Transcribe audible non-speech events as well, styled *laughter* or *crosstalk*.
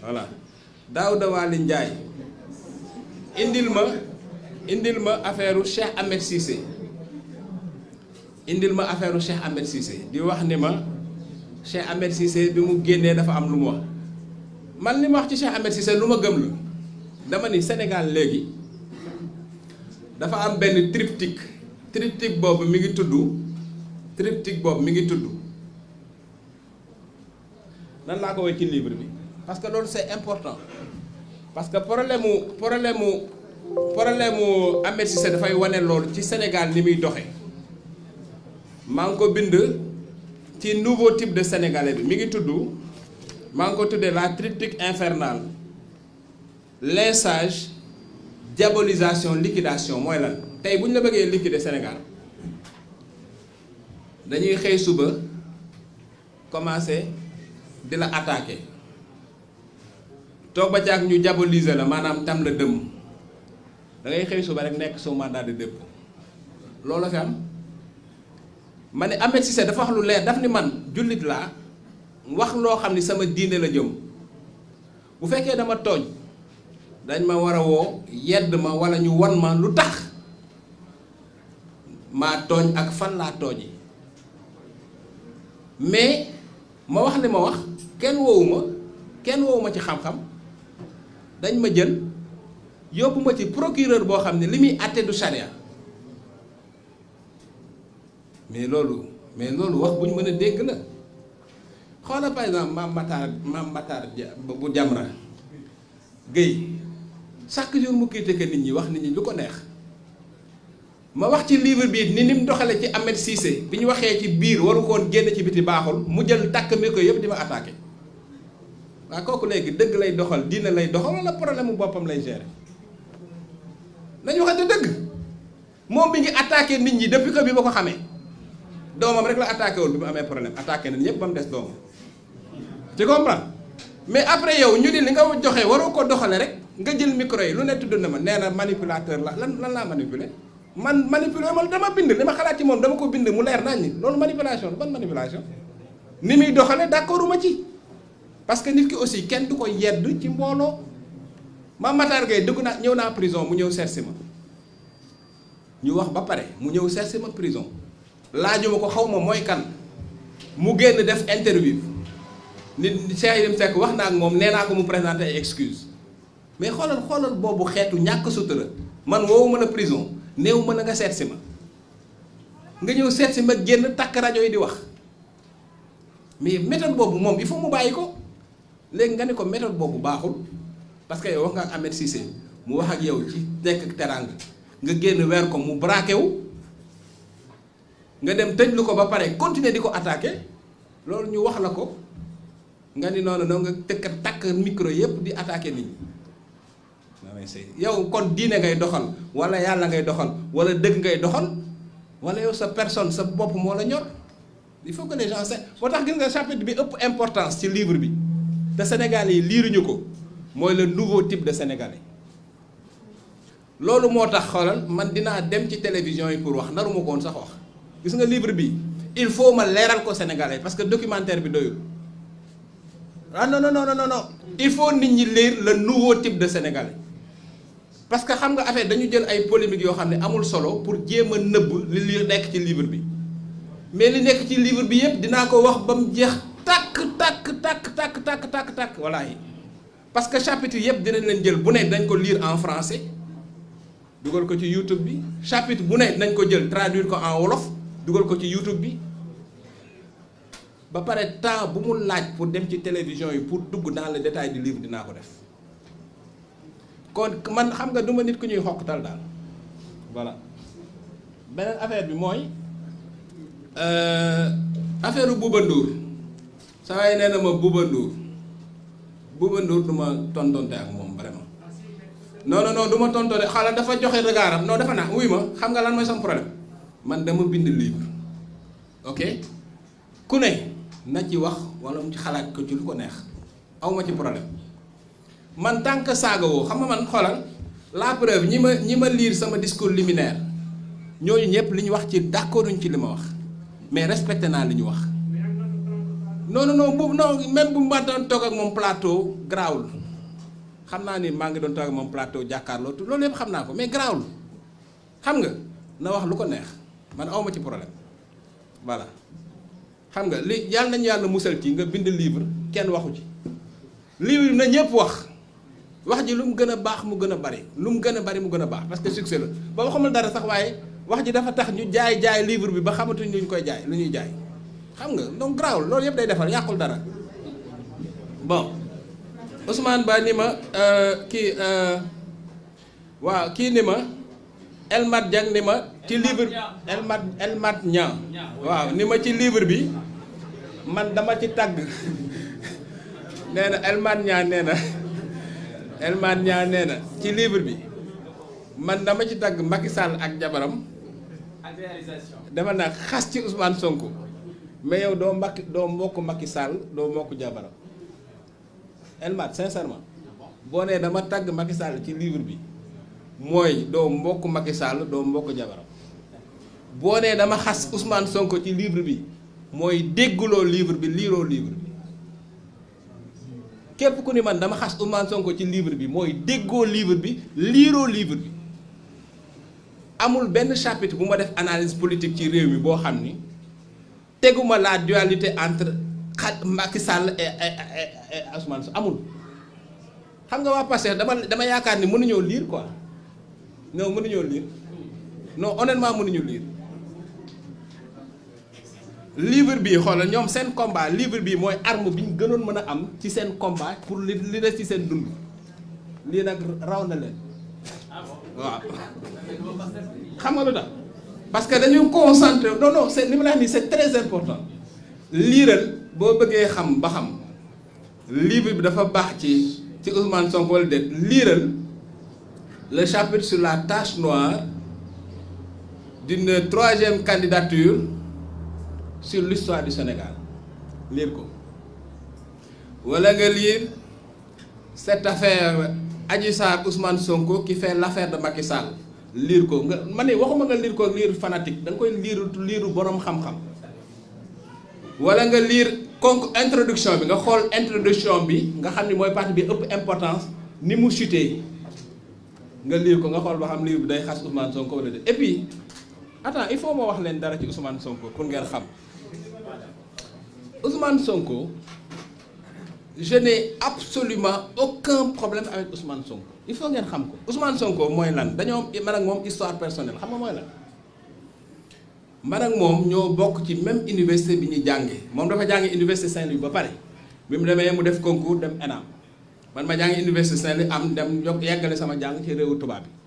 voilà Daouda Waly Ndiaye indil ma indil ma affaire u Cheikh Ahmed indil ma affaire u Cheikh Ahmed di wax ni ma Cheikh Ahmed Cissé bi mu génnee dafa am lu mu man ni ma wax ci Cheikh Ahmed Cissé lu ma gëm la dama ni Sénégal léegi dafa am benn triptyque triptyque boobu mi ngi tudd triptyque boobu mi ngi tudd nan laa ko woy ci livre bi parce que loolu c'est important parce que problème mu problème mu problème mu Ahmed dafay wane loolu ci Sénégal ni muy doxee maa ngi ko bind ci nouveau type de sénégalais bi mi ngi tudd maa ngi ko tuddee la triptyque infernale lynchage diabolisation liquidation mooy lan tey bu ñu la bëggee liquider Sénégal dañuy xëy suba commencer di la attaquer. toog ba caag ñu diaboliser la maanaam tam la dëmm da ngay xëy suba nekk soo mandat de dépôt loolu la fi am ma ne Ahmed Cissé dafa wax lu leer daf ni man jullit laa wax loo xam ni sama diine la jëm bu fekkee dama tooñ dañ ma war a woo yedd ma walla ñu won ma lu tax maa tooñ ak fan laa tooñi mais ma wax li ma wax kenn woowu ma kenn woowu ma ci xam-xam dañ ma jël yóbbu ci procureur boo xam ne li muy àtte du charia mais loolu mais loolu wax bu ñu mën a dégg la xoolal par exemple maam Matar maam Matar bu Jamra Guèye chaque jour mu critiqué nit ñi wax nit ñi lu ko neex ma wax ci livre bii ni ni mu doxale ci Ahmed Cissé bi ñu waxee ci biir waru koon génn ci biti baaxul mu jël takk mi ko yëpp di ma attaqué waaw kooku léegi dëgg lay doxal diine lay doxal wala problème mu boppam lay gérer nañu waxante dëgg moom mi ngi attaqué nit ñi depuis bi ba ko xamee doomam rek la attaqué woon bi mu amee problème attaqué nañ ñëpp ba mu des doomam tu comprends mais après yow ñu ni li nga joxe waroo ko doxale rek nga jël micro yi lu ne tudd na ma nee na manipulateur la lan lan laa manipuler man manipulé ma dama bind li ma xalaat yi moom dama ko bind mu leer nañ ni loolu manipulation ban manipulation ni muy doxale d'accorduma ci parce que nit ki aussi kenn du ko yedd ci mbooloo ma Matar Gueye dugg naa ñëw naa prison mu ñëw seetsi ma ñu wax ba pare mu ñëw seetsi ma prison laajuma ko xaw ma mooy kan mu génn def interview nit Cheikh Yérim Seck wax naa ak moom nee naa ko mu présenté ay excuse mais xoolal xoolal boobu xeetu ñàkk sutura man woowu mën a prison néew mën a nga seetsi ma nga ñëw seetsi ma génn takk rajo yi di wax mais méthode boobu moom il faut mu bàyyi ko léegi nga ne ko méthode boobu baaxul parce que yow wax nga ak Ahmed Cissé mu wax ak yow ci nekk ak nga génn weer ko mu braqué wu nga dem tëj lu ko ba pare continuer di ko attaque loolu ñu wax la ko nga ni noonu noonu nga tëkk takk micro yëpp di attaqué nit ñi yow kon diine ngay doxal wala yàlla ngay doxal wala dëgg ngay doxal wala yow sa personne sa bopp moo la ñor il faut que les gens moo tax gis nga chapitre bi ëpp importance ci libre bi. te sénégalais yi liiruñu ko mooy le nouveau type de sénégalais loolu moo tax xoolal man dinaa dem ci télévision yi pour wax naruma ko woon sax wax gis nga livre bi il faut ma leeral ko sénégalais parce que documentaire bi doyul ah non non non non non il faut nit ñi lire le nouveau type de sénégalais parce que xam nga affaire dañu jël ay polémiques yoo xam ne amul solo pour jéem a nëbb li li nekk ci livre bi mais li nekk ci livre bi yépp dinaa ko wax ba mu jeex. tàkk takk takk tàkk tàkk tàkk tàkk wallaahi parce que chapitre yëpp dinañ leen jël bu ne dañ ko liir en français dugal ko ci YouTube bi chapitre bu ne dañ ko jël traduire ko en wolof dugal ko ci YouTube bi ba pare temps bu mu laaj pour dem ci télévision yi pour dugg dans le détail du livre dinaa ko def kon man xam nga duma nit ku ñuy xoqtal daal voilà beneen affaire bi mooy euh, affaire Bouba saa yi nee na ma Bouba Ndour Bouba Ndour du ma tontonte ak moom vraiment non non non du ma tontonte xala dafa joxe regardam non dafa naa wuy ma xam nga lan mooy sama problème man dama bind livre ok ne na ci wax wala xalaat ko ci lu ko neex aw ma ci problème man tant que saaga woo xam nga man xoolal la preuve ñi ma ñi ma liir sama discours liminaire ñooñu ñëpp li ñu wax ci d'accorduñ ci li ma wax mais respecté naa li ñu wax. non non non boobu non même bu ma doon toog ak moom plateau garaawul xam naa ni maa ngi doon toog ak moom plateau jàkkaarloo loolu yëpp xam naa ko mais garaawul xam nga na wax lu ko neex man awma ci problème voilà. xam nga li yàlla nañu yàlla musal ci nga bind livre kenn waxu ci livre na ñëpp wax wax ji lu mu gën a baax mu gën a bari lu mu gën a bari mu gën a baax parce que succès la ba waxuma dara sax waaye wax ji dafa tax ñu jaay jaay livre bi ba xamatuñ luñ koy jaay lu ñuy jaay. xam nga donc garaawul loolu yëpp day defar yàqul dara bon Ousmane Ba ni ma euh, kii euh, waaw kii ni ma Elmat Dieng ni ma ci livre Elmat Elmat Niang waaw ni ma ci livre bi man dama ci tàgg *laughs* nee na Elmat Niang nee na *laughs* Elmat ci livre bi man dama ci tagg Macky Sall ak jabaram. ak dama naa xas ci Ousmane Sonko. mais yow doo mbakki doo mbokk Macky Sall doo mbokk Diabara Elmat sincèrement boo nee dama tàgg Macky Sall ci livre bi mooy doo mbokk Macky Sall doo mbokk Diabara boo nee dama xas Ousmane Sonko ci livre bi mooy dégguloo livre bi liiroo livre képp ku ni man dama xas Ousmane ci livre bi mooy déggoo livre bi liiroo livre bi amul benn chapitre bu ma def analise politique ci réew yi boo xam ni. teguma la dualité entre xa Macky Sall et Ousmane amul xam nga waa Pastef dama dama yaakaar ni mënuñoo lire quoi non mënuñoo lire non honnêtement mënuñu lire livre bi xoolal ñoom seen combat livre bi mooy arme bi ñu gënoon mën a am ci seen combat pour li li des ci seen dund lii nag raw na leen waaw xam nga parce que dañu concentré non non c'est li ma la wax nii c'est très important liiral boo bëggee xam ba xam livre bi dafa baax ci ci Ousmane Sonko wala déet liiral le chapitre sur la tache noire d'une troisième candidature sur l'histoire du Sénégal liir ko wala nga liir cette affaire Adji Sarr Ousmane Sonko qui fait l'affaire de Macky Sall liir ko nga ma ne waxuma nga liir ko ak liir fanatique da nga koy liiru liiru boroom xam-xam walla nga liir kon introduction bi nga xool introduction bi nga xam ni mooy partie bi ëpp importance ni mu chuté nga liir ko nga xool ba xam liir bi day xas Ousmane Sonko walla de et puis il faut ma wax leen dara ci Ousmane Sonko pour ngeen xam Ousmane Sonko. je n'ai absolument aucun problème avec Ousmane Sonko il faut ngeen xam ko Ousmane Sonko mooy lan dañoo man ak moom histoire personnelle xam nga mooy lan man ak moom ñoo bokk ci même université bi ñu jàngee moom dafa jàngee université saint ba pare bi mu demee mu def concours dem ENAM man ma jàngee université Saint-Louis am dem yokk yeggale sama jàng ci réewu tubaab bi